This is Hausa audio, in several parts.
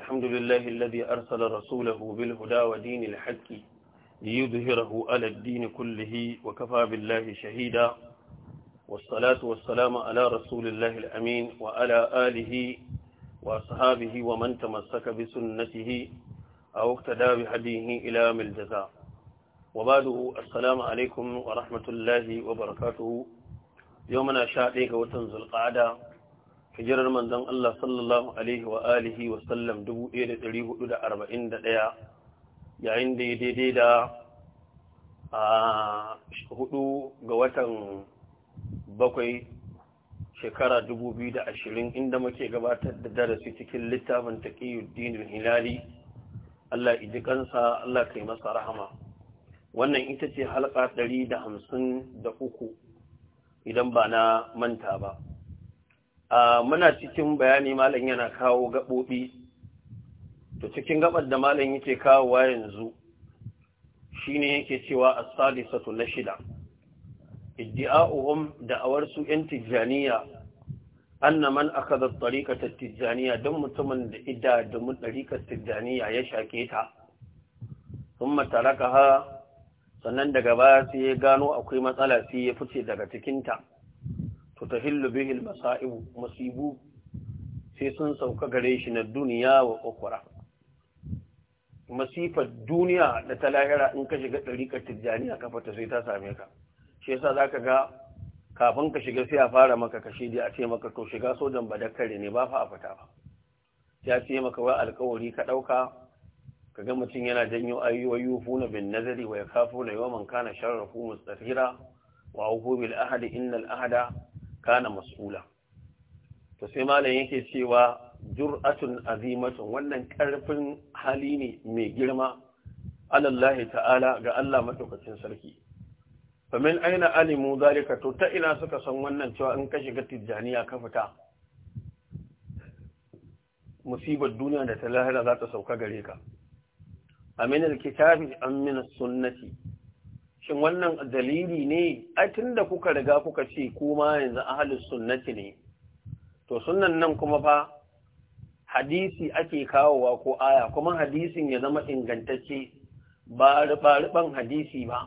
الحمد لله الذي أرسل رسوله بالهدى ودين الحق ليظهره على الدين كله وكفى بالله شهيدا والصلاة والسلام على رسول الله الأمين وعلى آله وأصحابه ومن تمسك بسنته أو اقتدى بهديه إلى الجزاء وبعده السلام عليكم ورحمة الله وبركاته يومنا شاء ليك وتنزل قعدا hijirar manzon Allah sallallahu alaihi wa alihi wa sallam 1441 yayin da ya daidai da a hudu ga watan bakwai shekara 2020 inda muke gabatar da darasi cikin littafin taƙiyuddinin hilali Allah iji kansa Allah kai masa rahama wannan ita ce halka uku idan ba na manta ba muna cikin bayani malam yana kawo gaɓoɓi to cikin gaɓar da malam yake kawo wa yanzu shine yake cewa a sadisatu na shida iddi'a'uhum da'awar su yan tijjaniya anna man akhadha at-tariqata tijjaniya dan mutumin da idda da mu tijjaniya ya shake ta Sun mataraka tarakaha sannan daga baya sai ya gano akwai matsala sai ya fice daga cikinta. tutahillu bihi al-masa'ib masibu sai sun sauka gare shi na duniya wa kokora masifar duniya da ta lahira in ka shiga ɗarikar tijjaniya ka fata sai ta same ka shi yasa zaka ga kafin ka shiga sai a fara maka kashe dai a ce maka to shiga sojan ba dakkare ne ba fa a fita ba ya ce maka wai alkawari ka ɗauka ka ga mutum yana janyo ayyuwayu funa bin nazari wa ya kafo na yawan kana sharrafu mustafira wa hukumil ahadi innal ahada kana mas'ula to sai malam yake cewa jur'atun azimatun wannan karfin hali ne mai girma alallahi ta'ala ga Allah madaukakin sarki famin aina alimu zalika to ta ina suka san wannan cewa in ka shiga tijjaniya ka fita musibar duniya da ta lahira za ta sauka gare ka amin alkitabi amin sunnati shin wannan dalili ne ai tunda kuka riga kuka ce kuma yanzu ahlus sunnati ne to sunnan nan kuma fa hadisi ake kawowa ko aya kuma hadisin ya zama ingantacce ba ruban hadisi ba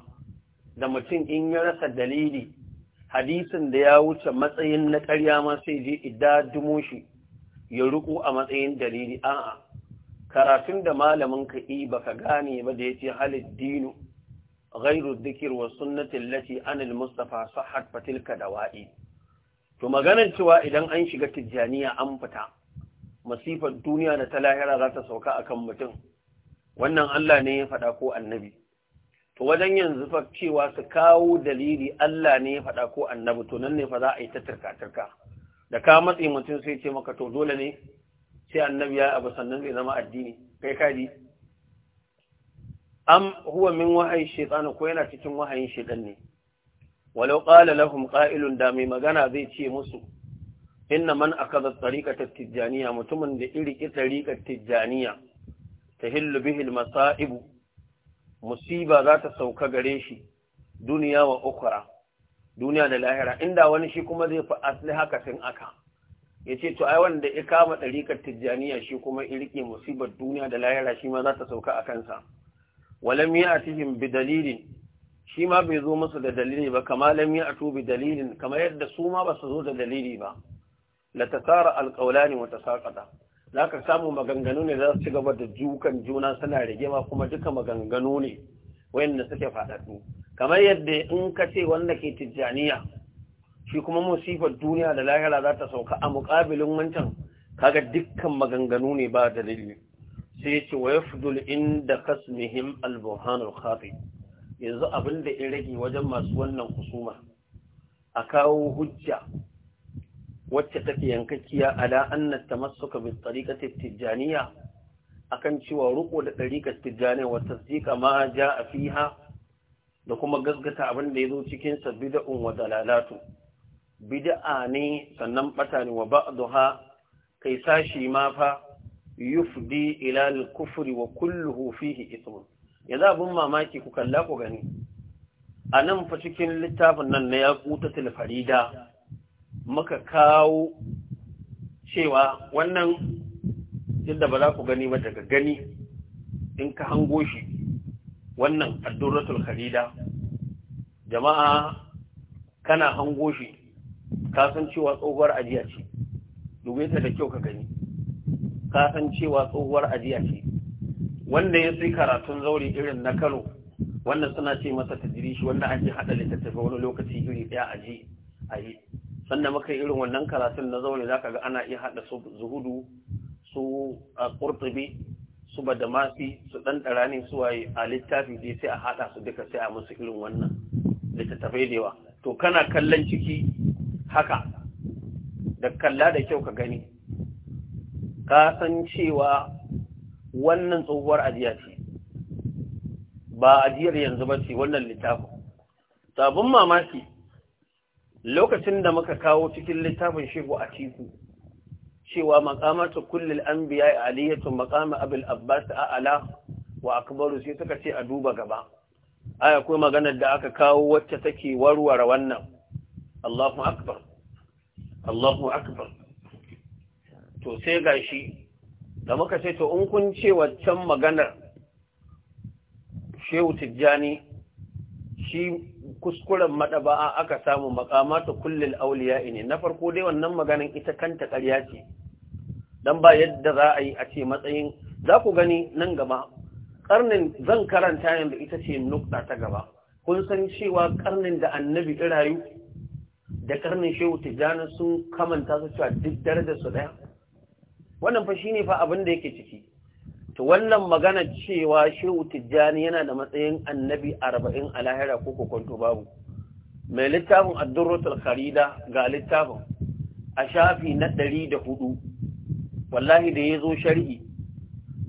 da mutum in ya rasa dalili hadisin da ya wuce matsayin na ƙarya ma sai je idda shi ya ruku a matsayin dalili a'a karatun da malamin ka yi baka gane ba da yace halid dinu غير الذكر والسنة التي عن المصطفى صحت فتلك دوائي to maganar cewa idan an shiga tijjaniya an fita masifar duniya da ta lahira za ta sauka akan mutum wannan Allah ne ya faɗa ko annabi to wajen yanzu fa cewa su kawo dalili Allah ne ya faɗa ko annabi to ne fa za a yi ta turka-turka da ka matsi mutum sai ce maka to dole ne sai annabi ya abu sannan zai zama addini kai kaji am huwa min wahayi shaytan ko yana cikin wahayin shaytan ne walau qala lahum qa'ilun da mai magana zai ce musu inna man akaza tariqata tijaniya mutumin da iriki tariqat tijaniya tahillu bihi almasa'ib musiba za ta sauka gare shi duniya wa ukhra duniya da lahira inda wani shi kuma zai fi asli haka tin aka yace to ai wanda ya kama tariqat tijaniya shi kuma iriki musibar duniya da lahira shi ma za ta sauka a kansa walam ya'tihim bi dalilin shi ma bai zo masa da dalili ba kama lam ya'tu bi dalilin kamar yadda su ma ba su zo da dalili ba la tasara alqawlani wa tasaqata zaka samu maganganu ne za su ci gaba da jukan juna suna rigima kuma duka maganganu ne wayanda suke fadadu kamar yadda in ka ce wanda ke tijjaniya shi kuma musifar duniya da lahira za ta sauka a muƙabilin wancan kaga dukkan maganganu ne ba dalili sai ya ce wa ya fudul inda kasmihim albuhanul khafi yanzu abin da in rage wajen masu wannan kusuma a kawo hujja wacce take yankakkiya ala anna tamassuka bi tariqati tijaniya akan cewa ruko da ɗarikar tijaniya wa tasdiqa ma jaa fiha da kuma gaskata abin da yazo cikin sa bid'un wa dalalatu bid'a ne sannan bata ne wa ba'daha kai sashi ma fa yufdi ila al-kufri wa kulluhu fihi ithmun yanzu abin mamaki ku kalla ku gani anan fa cikin littafin nan na yaquta farida maka kawo cewa wannan yadda ba za ku gani ba daga gani in ka hango shi wannan addurratul kharida jama'a kana hango shi ka san cewa tsohuwar ajiya ce dube da kyau ka gani ka san cewa tsohuwar ajiya ce wanda ya sai karatun zaure irin na Kano wannan suna ce masa ta shi wanda an ji haɗa littattafai wani lokaci iri daya aji a yi sannan muka irin wannan karatun na zaure zaka ga ana iya haɗa su zuhudu su a qurtubi su badamasi su dan darani su waye a littafi dai sai a hada su duka sai a musu irin wannan littattafai da yawa to kana kallon ciki haka da kalla da kyau ka gani ka san cewa wannan tsohuwar ajiya ce ba ajiyar yanzu ba ce wannan littafin sabon mamaki lokacin da muka kawo cikin littafin shehu a ciku cewa makamata kullum an biya a aliyyatun makama abin abbas a ala wa akbaru sai suka ce a duba gaba aya kuma maganar da aka kawo wacce take warware wannan Allahu akbar Allahu akbar to sai gashi da muka ce to in kun ce waccan maganar shehu tijjani shi kuskuren madaba'a aka samu makamata kullil auliya ne na farko dai wannan maganin ita kanta ƙarya ce dan ba yadda za a yi a ce matsayin za ku gani nan gaba karnin zan karanta yanzu ita ce nukta ta gaba kun san cewa karnin da annabi Irayu da karnin shehu tijjani sun kamanta su cewa duk darajar su daya wannan fa shine fa abin da yake ciki to wannan magana cewa shehu tijjani yana da matsayin annabi 40 a lahira ko kokonto babu mai littafin ad-durratul kharida ga littafin a shafi na 104 wallahi da yazo shar'i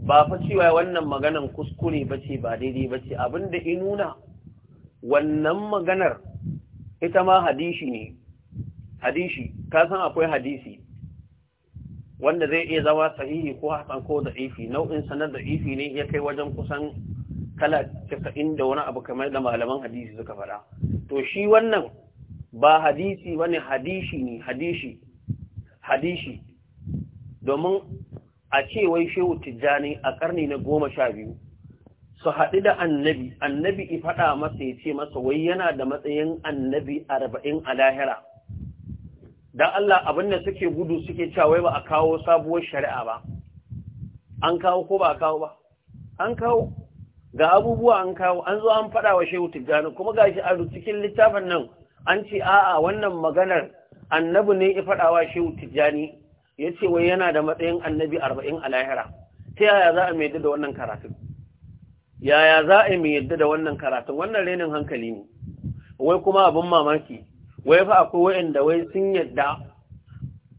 ba fa cewa wannan maganar kuskure bace ba daidai bace abinda in nuna wannan maganar ita ma hadishi ne hadishi ka san akwai hadisi wanda zai iya zama sahihi ko hasan ko da ifi nau'in sanar da ifi ne ya kai wajen kusan kala casa'in da wani abu kamar da malaman hadisi suka faɗa to shi wannan ba hadisi ne hadishi ne hadishi hadishi domin a ce wai shehu tijjani a karni na goma sha biyu su haɗu da annabi annabi i faɗa masa ya ce masa wai yana da matsayin annabi arba'in a lahira dan Allah abin da suke gudu suke cewa wai ba a kawo sabuwar shari'a ba an kawo ko ba a kawo ba an kawo ga abubuwa an kawo an zo an faɗa wa shehu tijjani kuma gashi a cikin littafin nan an ce a'a wannan maganar annabi ne ya faɗa wa shehu tijjani ya ce wai yana da matsayin annabi arba'in a lahira ta yaya za a mai yadda da wannan karatun yaya za a mai yadda da wannan karatun wannan renin hankali ne wai kuma abin mamaki wai fa akwai wa'anda wai sun yadda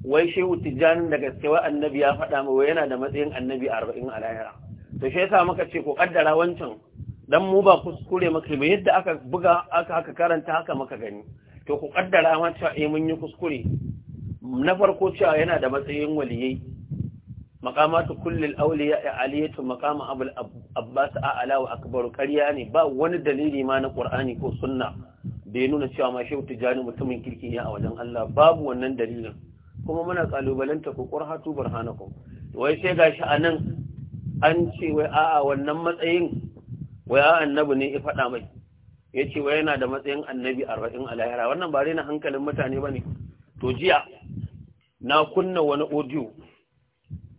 wai shehu tijjanin da gaske wai annabi ya faɗa mai yana da matsayin annabi arba'in a Yaushe to shi yasa muka ce ko kaddara wancan dan mu ba kuskure maka ba yadda aka buga aka aka karanta haka maka gani to ku kaddara ma cewa eh mun yi kuskure na farko cewa yana da matsayin waliyai maqamatu kullil awliya aliyatu maqama abul abbas a'la wa akbaru qariya ne ba wani dalili ma na qur'ani ko sunna da ya nuna cewa ma shehu tijani mutumin kirki ne a wajen Allah babu wannan dalilin kuma muna kalubalanta ku qurhatu burhanakum wai sai gashi anan an ce wai a'a wannan matsayin wai a annabi ne ya faɗa mai yace wai yana da matsayin annabi arba'in a lahira wannan ba na hankalin mutane bane to jiya na kunna wani audio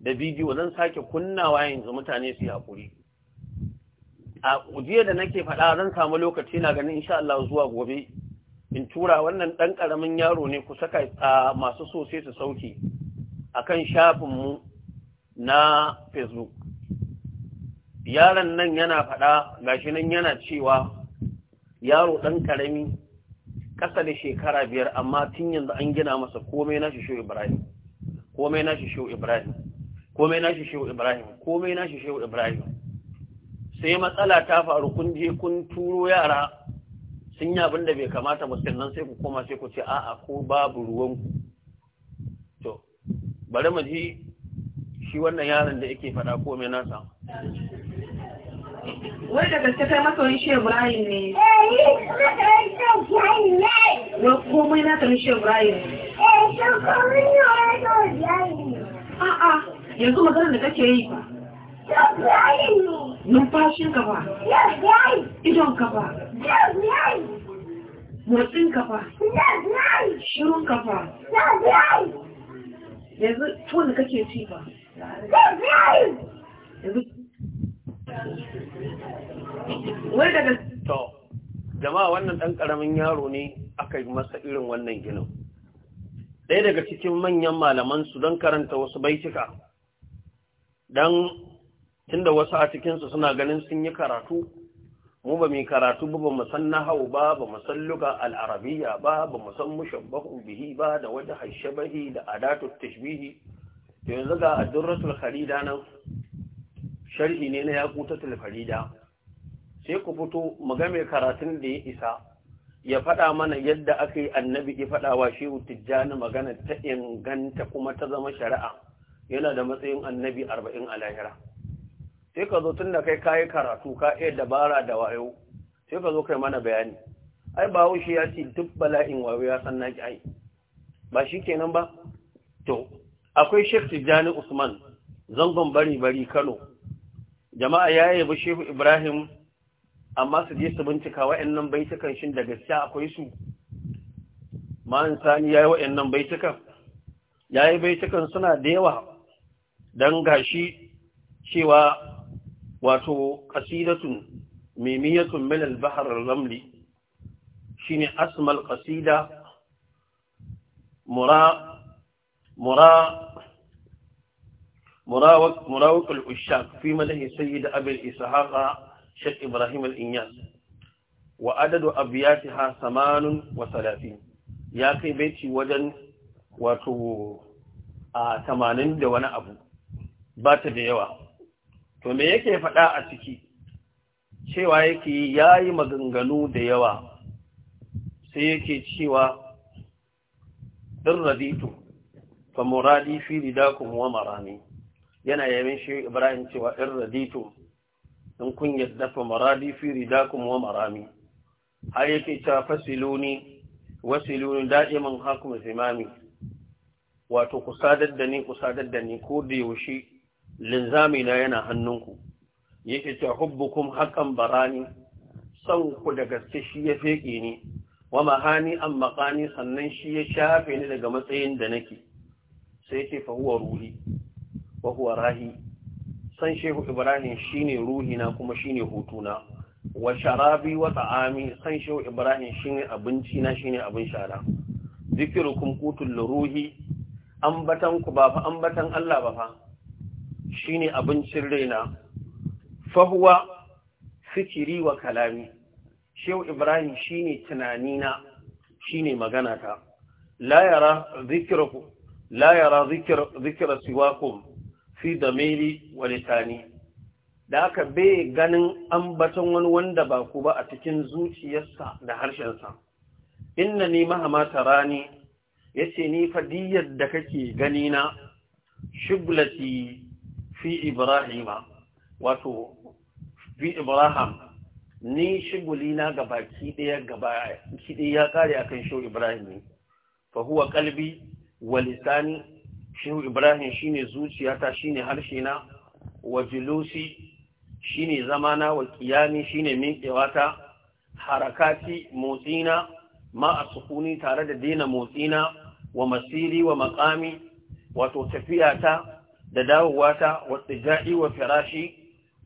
da bidiyo zan sake kunnawa yanzu mutane su yi hakuri a jiya da nake faɗa zan samu lokaci na ganin insha Allah zuwa gobe in tura wannan ɗan ƙaramin yaro ne ku saka a masu so sai su sauke akan shafin mu na Facebook yaron nan yana faɗa gashi nan yana cewa yaro ɗan ƙarami ƙasa da shekara biyar amma tun yanzu an gina masa komai na shi Ibrahim komai na shi Ibrahim komai na shi Ibrahim komai na shi Ibrahim sai matsala ta faru kun je kun turo yara sun yi abin da bai kamata musulman sai ku koma sai ku ce a'a ko babu ruwanku to bari mu ji shi wannan yaron da yake faɗa ko mai nasa wai da gaske kai masoyin shi Ibrahim ne wa komai na kan shi Ibrahim a'a yanzu maganar da kake yi ba ne? numfashinka ba idonka ba motsinka ba shirunka ba yanzu tuwon da kake ci ba yanzu wai daga to jama'a wannan ɗan ƙaramin yaro ne aka yi masa irin wannan ginin ɗaya daga cikin manyan malaman su don karanta wasu baituka don tunda wasu a cikinsu suna ganin sun yi karatu mu ba mai karatu ba ba san nahau ba ba san luga al'arabiya ba ba san mushabbahun bihi ba da wata hashabahi da adatun tashbihi da yanzu ga addurratul farida nan sharhi ne na yakutatul farida sai ku fito mu ga mai karatun da ya isa ya faɗa mana yadda aka yi annabi ya faɗa wa shehu tijjani magana ta inganta kuma ta zama shari'a yana da matsayin annabi arba'in a lahira sai ka zo tun da kai kayi karatu ka iya dabara da wayo sai ka zo kai mana bayani ai ba haushi ya ce duk bala'in wayo ya san naki ai ba shi kenan ba to akwai shek Tijjani Usman zangon bari bari Kano jama'a ya yabi Shehu Ibrahim amma su je su bincika wa'annan baitukan shin da gaskiya akwai su ma'an sani yayi wa'annan baitukan yayi baitukan suna da yawa dan gashi cewa wato qasidatun mimiyatun min al-bahr ar-ramli shine asmal qasida mura mura مراوق مراوق العشاق في مدح سيد أبي الإسحاق شيخ إبراهيم الإنياس وعدد أبياتها ثمان وثلاثين يا في بيتي وجن وتو آه، ثمانين دون أبو بات ديوا to me yake faɗa a ciki cewa yake ya yi maganganu da yawa sai yake cewa ɗin radito fa muradi fi ridakum wa marami yana yamin shi ibrahim cewa ɗin radito in kun yadda fa muradi fi ridakum wa marami har yake cewa fasiluni wasiluni da'iman hakum zimami wato ku sadar da ni ku sadar da ni ko da yaushe linzamina yana hannunku yake ta hubbukum hakan barani san ku da gaske shi ya feke ni wa mahani an maqani sannan shi ya shafe ni daga matsayin da nake sai ce fa huwa ruhi wa huwa rahi san shehu ibrahim shine ruhi na kuma shine hutuna wa sharabi wa ta'ami san shehu ibrahim shine abinci na shine abin shara zikirukum qutul ruhi ambatan ku ba fa ambatan Allah ba fa shine abincin raina fahuwa fikiri wa kalami shehu ibrahim shine tunanina shine maganata la yara zikirakum la yara zikira siwakum fi damiri wa litani da aka bai ganin ambaton wani wanda ba ku ba a cikin zuciyarsa da harshensa inna ni mahama tarani yace ni fadiyar da kake gani na shuglati fi ibrahima wato fi ibrahim ni shiguli na gaba ki daya gaba ki daya ya kare akan shehu ibrahim ne fa huwa qalbi wa lisani shehu ibrahim shine zuciyata shine harshe na wa jilusi shine zamana wa qiyami shine miƙewata harakati motsina ma sukuni tare da dena motsina wa masiri wa makami wato tafiyata da dawowata wadda ja'i wa firashi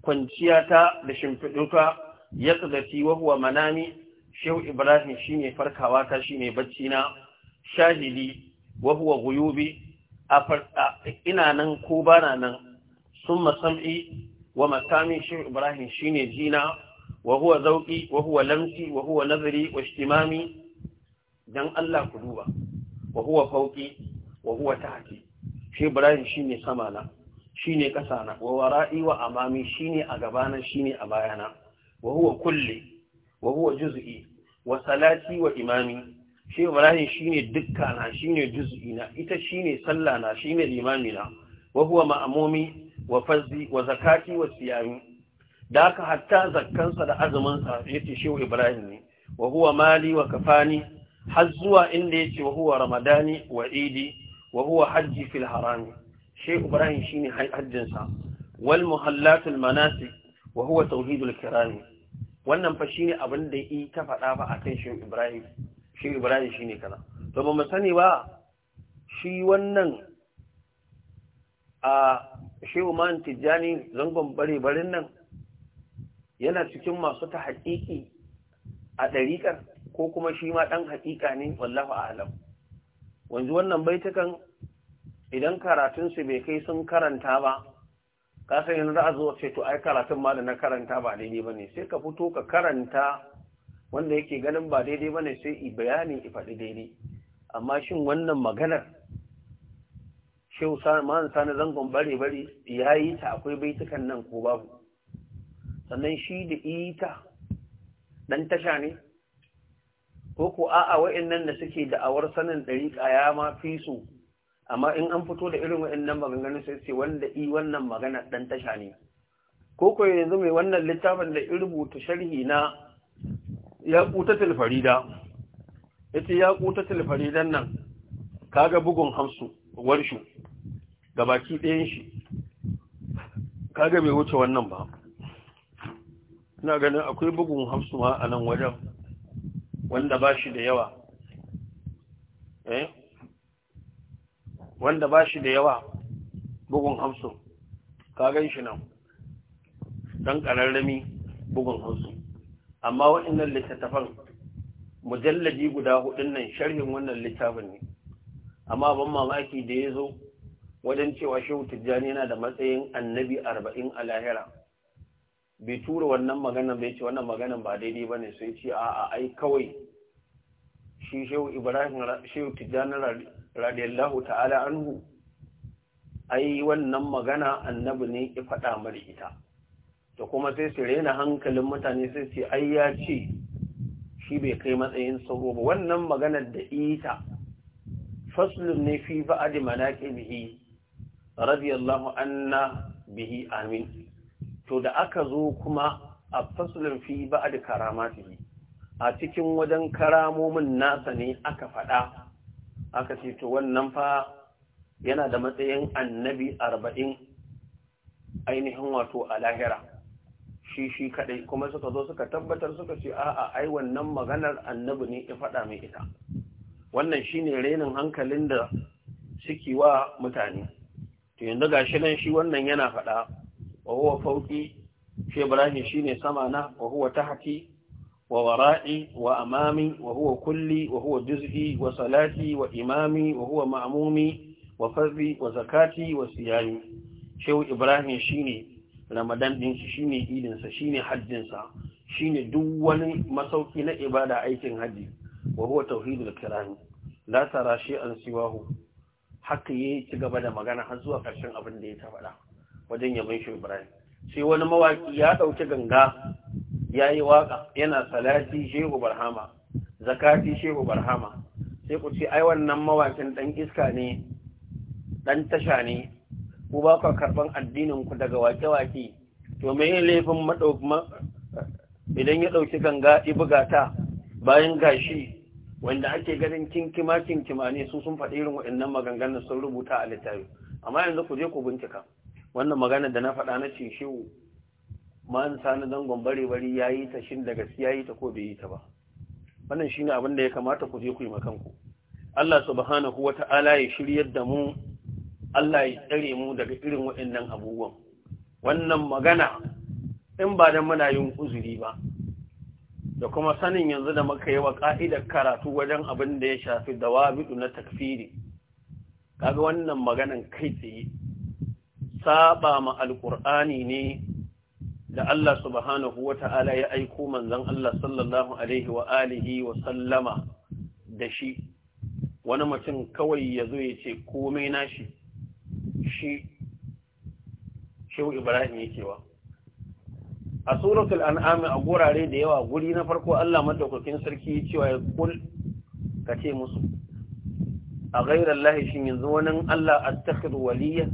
kwanciyata da shimfiɗuta ya tsadafi wahuwa manami shehu ibrahim ne farkawa ta shi ne bacci na shahidi wahuwa guyubi guyubi ina nan ko bana nan sun sam'i wa makami shehu ibrahim shine jina wahuwa zauki, wahuwa wahuwa lamsi wahuwa nazari wa ihtimami dan Allah ku duba wahuwa fauki wahuwa shi ibrahim sama na ne ƙasa na wa wara'i wa amami shi ne a gabana ne a bayana wa huwa kulle, wa huwa wa salati wa imami shi ibrahim shine dukkana ne juz'i na ita shi sallah na shi limami na wa huwa ma'amomi wa fazzi wa zakati wa siyami da aka hatta zakkansa da azumin ce shi wa ibrahim ne wa huwa mali wa kafani har zuwa inda ce wa huwa ramadani wa idi wa hajji fil harami shi ibrahim shine hajjin sa wal muhallatul manasik tauhidul kirami wannan fa shine abin da yi ta faɗa ba akan shi ibrahim shi ibrahim shine kaza to ba mu sani ba shi wannan a shehu man tijjani zangon bare barin nan yana cikin masu ta hakiki a ɗariƙar ko kuma shi ma ɗan hakika ne wallahu a'lam wanzu wannan baitukan idan karatunsu bai kai sun karanta ba ka san yanzu a zuwa ce to ai karatun ma da na karanta ba daidai ba ne sai ka fito ka karanta wanda yake ganin ba daidai ba ne sai i bayani i faɗi daidai amma shin wannan maganar shehu ma'an sani zangon bare-bare ya yi ta akwai baitukan nan ko babu sannan shi da ita ɗan tasha ne ko ku a'a wa'annan da suke da'awar sanin ɗariƙa ya ma fi su amma in an fito da irin wa'annan maganganu sai ce wanda i wannan magana ɗan tasha ne ko ko yanzu mai wannan littafin da ya rubuta sharhi na ya kuta tilfarida yace ya ƙuta tilfaridan nan kaga bugun hamsu warshu baki ɗayan shi kaga bai wuce wannan ba ina ganin akwai bugun hamsu ma a nan wajen wanda ba shi da yawa eh wanda ba shi da yawa bugun hamsin ka gan shi nan don ƙararrami bugun hamsin amma waɗannan littattafan mujalladi guda hudun nan sharhin wannan littafin ne amma ban mamaki da ya zo wajen cewa shehu tijjani yana da matsayin annabi arba'in a lahira bai tura wannan maganan bai ce wannan maganan ba daidai ba ne sai ce a ai kawai shi shehu ibrahim shehu tijjani radiyallahu ta'ala anhu ai wannan magana annabi ne ya faɗa mar ita da kuma sai su rena hankalin mutane sai ce ai ya ce shi bai kai matsayin sauro ba wannan maganar da ita faslun ne fi ba'adi manaqibihi radiyallahu anna bihi amin to da aka zo kuma a fasulun fi ba da karamati a cikin wajen karamomin nasa ne aka faɗa aka ce to wannan fa yana da matsayin annabi arba'in ainihin wato a lahira shi shi kaɗai kuma suka zo suka tabbatar suka ce a ai wannan maganar annabi ne ya faɗa mai ita wannan shi ne renin hankalin da suke wa mutane to yanzu shi nan shi wannan yana faɗa wa huwa fauki shi ibrahim shine sama na wa huwa tahti wa wara'i wa amami wa huwa kulli wa huwa juz'i wa salati wa imami wa huwa ma'mumi wa fardi wa zakati wa siyami shehu ibrahim shine ramadan din shi shine idin sa shine hajjin sa shine duk wani masauki na ibada aikin haji wa huwa tauhidul kirani la tara shay'an siwahu haka yayi ci gaba da magana har zuwa ƙarshen abin da ya ta faɗa wajen yaban shi Ibrahim sai wani mawaki ya ɗauki ganga ya yi waƙa yana salati shehu barhama zakati shehu barhama sai ku ce ai wannan mawakin ɗan iska ne ɗan tasha ne ku ba ku karɓan addinin ku daga wake-wake to me yin laifin idan ya ɗauki ganga ibuga ta bayan gashi wanda ake ganin kinkima kinkima ne su sun faɗi irin waɗannan maganganun sun rubuta a littafi amma yanzu ku je ku bincika wannan magana da na faɗa na ce shi man sani zangon bare bari ya yi ta shin da gaskiya yi ta ko bai yi ta ba wannan shine abin da ya kamata ku je ku yi kanku. Allah subhanahu wata'ala ya shiryar da mu Allah ya tsare mu daga irin waɗannan abubuwan wannan magana in ba da muna yin uzuri ba da kuma sanin yanzu da muka yi wa ka'idar karatu wajen abin da ya shafi dawabidu na takfiri kaga wannan maganan kai tsaye saba ma alƙur'ani ne da Allah subhanahu wa ya aiko manzon Allah sallallahu alaihi wa alihi wa sallama da shi wani mutum kawai ya zo ya ce komai nashi shi shehu Ibrahim yake wa a suratul an'am a gurare da yawa guri na farko Allah madaukakin sarki cewa ya kul kace musu a gairar lahi shin yanzu wani Allah attakhidhu waliya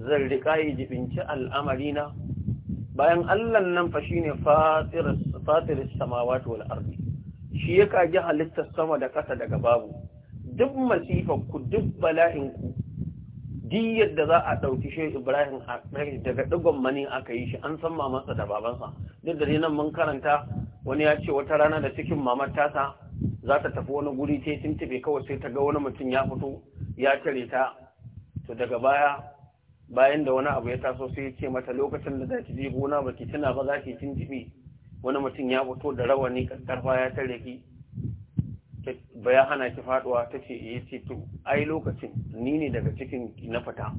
zan rika yi jibinci al'amarina bayan allan nan fa shi ne fatiris samawati wal ardi shi ya kaji halittar sama da ƙasa daga babu duk masifar ku duk bala'in ku duk da za a ɗauki shi ibrahim daga ɗigon mani aka yi shi an san mamansa da babansa duk da nan mun karanta wani ya ce wata rana da cikin mamar tasa za ta tafi wani guri ta tuntube kawai sai ta ga wani mutum ya fito ya tare ta to daga baya bayan da wani abu ya taso sai ya ce mata lokacin da za ki je gona ba ki tuna ba za ki cin wani mutum ya fito da rawani karfa ya tare ki ba ya hana ki faɗuwa ta ce eh, ya ce to ai lokacin ni ne daga cikin na fita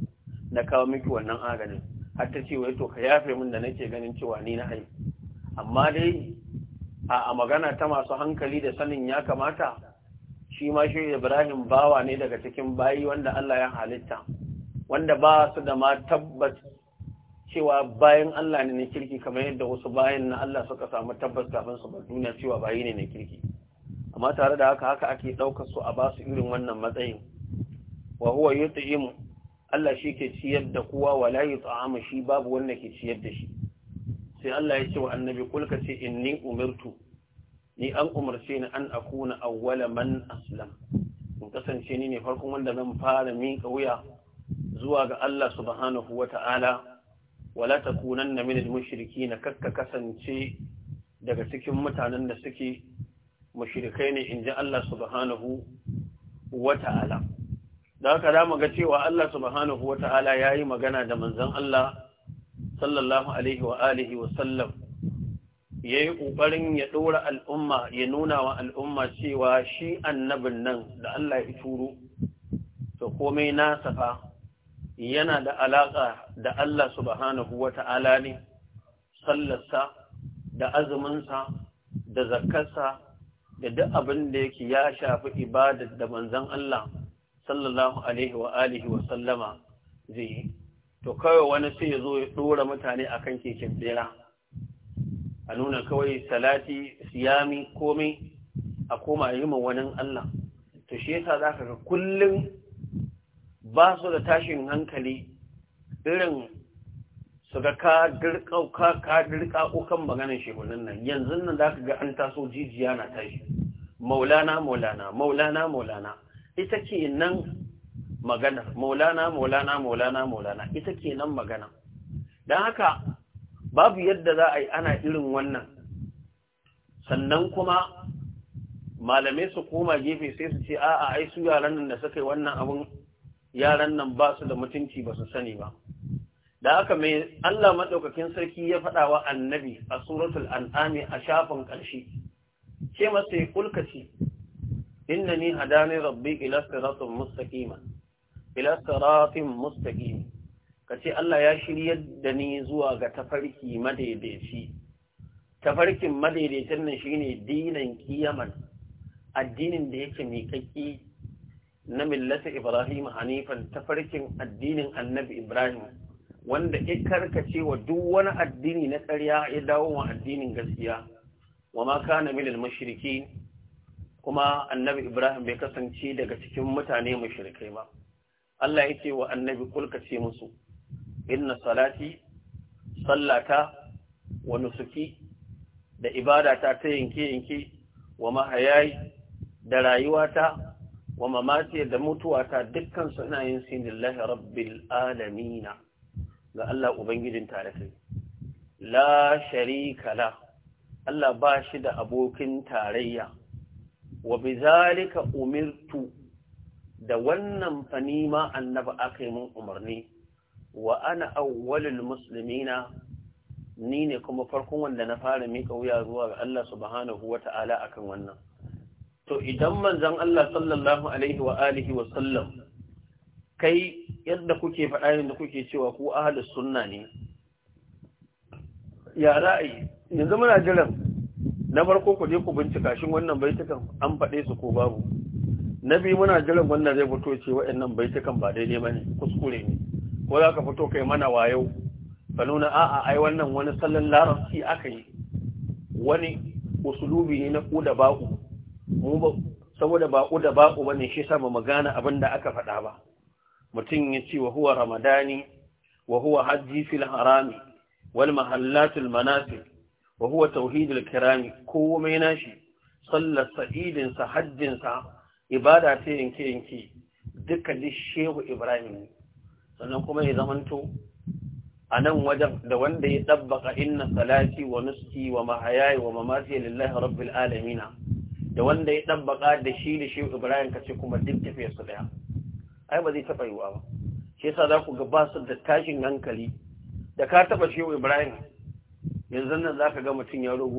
na kawo miki wannan aganin har ta ce wai to ka yafe min da nake ganin cewa ni na aiki. amma dai a magana ta masu hankali da sanin ya kamata shi ma shi Ibrahim bawa ne daga cikin bayi wanda Allah ya halitta wanda ba su da ma tabbas cewa bayan Allah ne na kirki kamar yadda wasu bayan na Allah suka samu tabbas kafin su bar duniya cewa bayi ne na kirki amma tare da haka haka ake ɗaukar su a ba su irin wannan matsayin wa huwa yut'imu Allah shi ke ciyar da kowa wa la yut'amu shi babu wanda ke ciyar da shi sai Allah ya ce wa annabi kul ka ce inni umirtu ni an umarce ni an akuna awwala man aslam in kasance ni ne farkon wanda zan fara miƙa wuya zuwa ga Allah subhanahu wa ta'ala, wala ta kunan na minil mashiriki na kakka kasance daga cikin mutanen da suke mashirikai ne in ji Allah subhanahu wa ta'ala. Da haka da ga cewa Allah subhanahu wa ta'ala ya yi magana da manzan Allah sallallahu Alaihi wa alihi wa sallam ya yi ƙoƙarin ya ɗora al'umma ya nuna wa al'umma cewa shi annabin nan da Allah ya turo, to komai na safa yana da alaƙa da Allah subhanahu wa ta'ala ne, sallarsa, da azuminsa, da zakarsa, da duk abin da yake ya shafi ibadar da manzan Allah, sallallahu Alaihi wa alihi wa sallama zai To, kawai wani sai ya zo ya ɗora mutane a kan keken tsira. a nuna kawai salati, siyami, komai, a koma yi ma wani Allah. To, shi yasa za ka ga kullum ba su da tashin hankali irin su ga ka dirƙauka ka dirƙaukan maganin shekunan nan yanzu nan za ka ga an taso jijiya na tashi maulana maulana maulana maulana ita ke nan magana maulana maulana maulana maulana ita ke nan magana don haka babu yadda za a yi ana irin wannan sannan kuma malamai su koma gefe sai su ce a'a ai su yaran nan da suka yi wannan abin yaran nan ba su da mutunci ba su sani ba da aka mai Allah madaukakin sarki ya faɗa wa annabi a suratul an'ami a shafin ƙarshe ce masa ya kulkaci innani hadani rabbi ila siratin mustaqima ila siratin Ka ce Allah ya shiryar da ni zuwa ga tafarki madaidaici tafarkin madaidaicin nan shi ne dinin kiyaman addinin da yake miƙaƙƙi na millata Ibrahim hanifan farkin addinin annabi Ibrahim wanda ya karkace wa duk wani addini na ƙarya ya dawo wa addinin gaskiya wa ma kana minal mushriki kuma annabi Ibrahim bai kasance daga cikin mutane mushrikai ba Allah ya ce wa annabi kulka musu inna salati sallata wa nusuki da ibadata ta yanke yanke wa mahayayi da rayuwata wa mamati da mutuwata dukkan su ina yin sin lillahi rabbil alamina ga Allah ubangijin tarihi la sharika la Allah ba shi da abokin tarayya wa bizalika umirtu da wannan fanima annaba aka yi mun umarni wa ana awwalul musulmina ni ne kuma farkon wanda na fara miƙa wuya zuwa ga Allah subhanahu wata'ala akan wannan to idan manzon Allah sallallahu alaihi wa alihi wa sallam kai yadda kuke faɗa da kuke cewa ku ahlus sunna ne ya ra'ayi yanzu muna jiran na farko ku je ku bincika shin wannan baitukan an faɗe su ko babu na biyu muna jiran wannan zai fito ce waɗannan baitukan ba daidai bane kuskure ne ko za ka fito kai mana wayo ka nuna a'a ai wannan wani sallan larabci aka yi wani usulubi ne na kuda baku saboda uda ba baƙo bane shi sa mu magana abin da aka faɗa ba mutum ya ce wa huwa ramadani wa huwa hajji fil harami wal mahallatul wa huwa tauhidul kirami komai nashi sallar sa'idin sa hajjin sa ibada ta yanke yanke duka duk shehu ibrahim sannan kuma ya zamanto a nan wajen da wanda ya dabbaka inna salati wa nuski wa mahayai wa mamati lillahi rabbil alamina da mm-hmm. wanda ya ɗabbaƙa da shi da shi ibrahim ka ce kuma duk tafiyar su ɗaya ai ba zai taɓa yiwa ba shi yasa za ku ga ba su da tashin hankali da ka taɓa shehu ibrahim yanzu nan za ka ga mutum ya rubu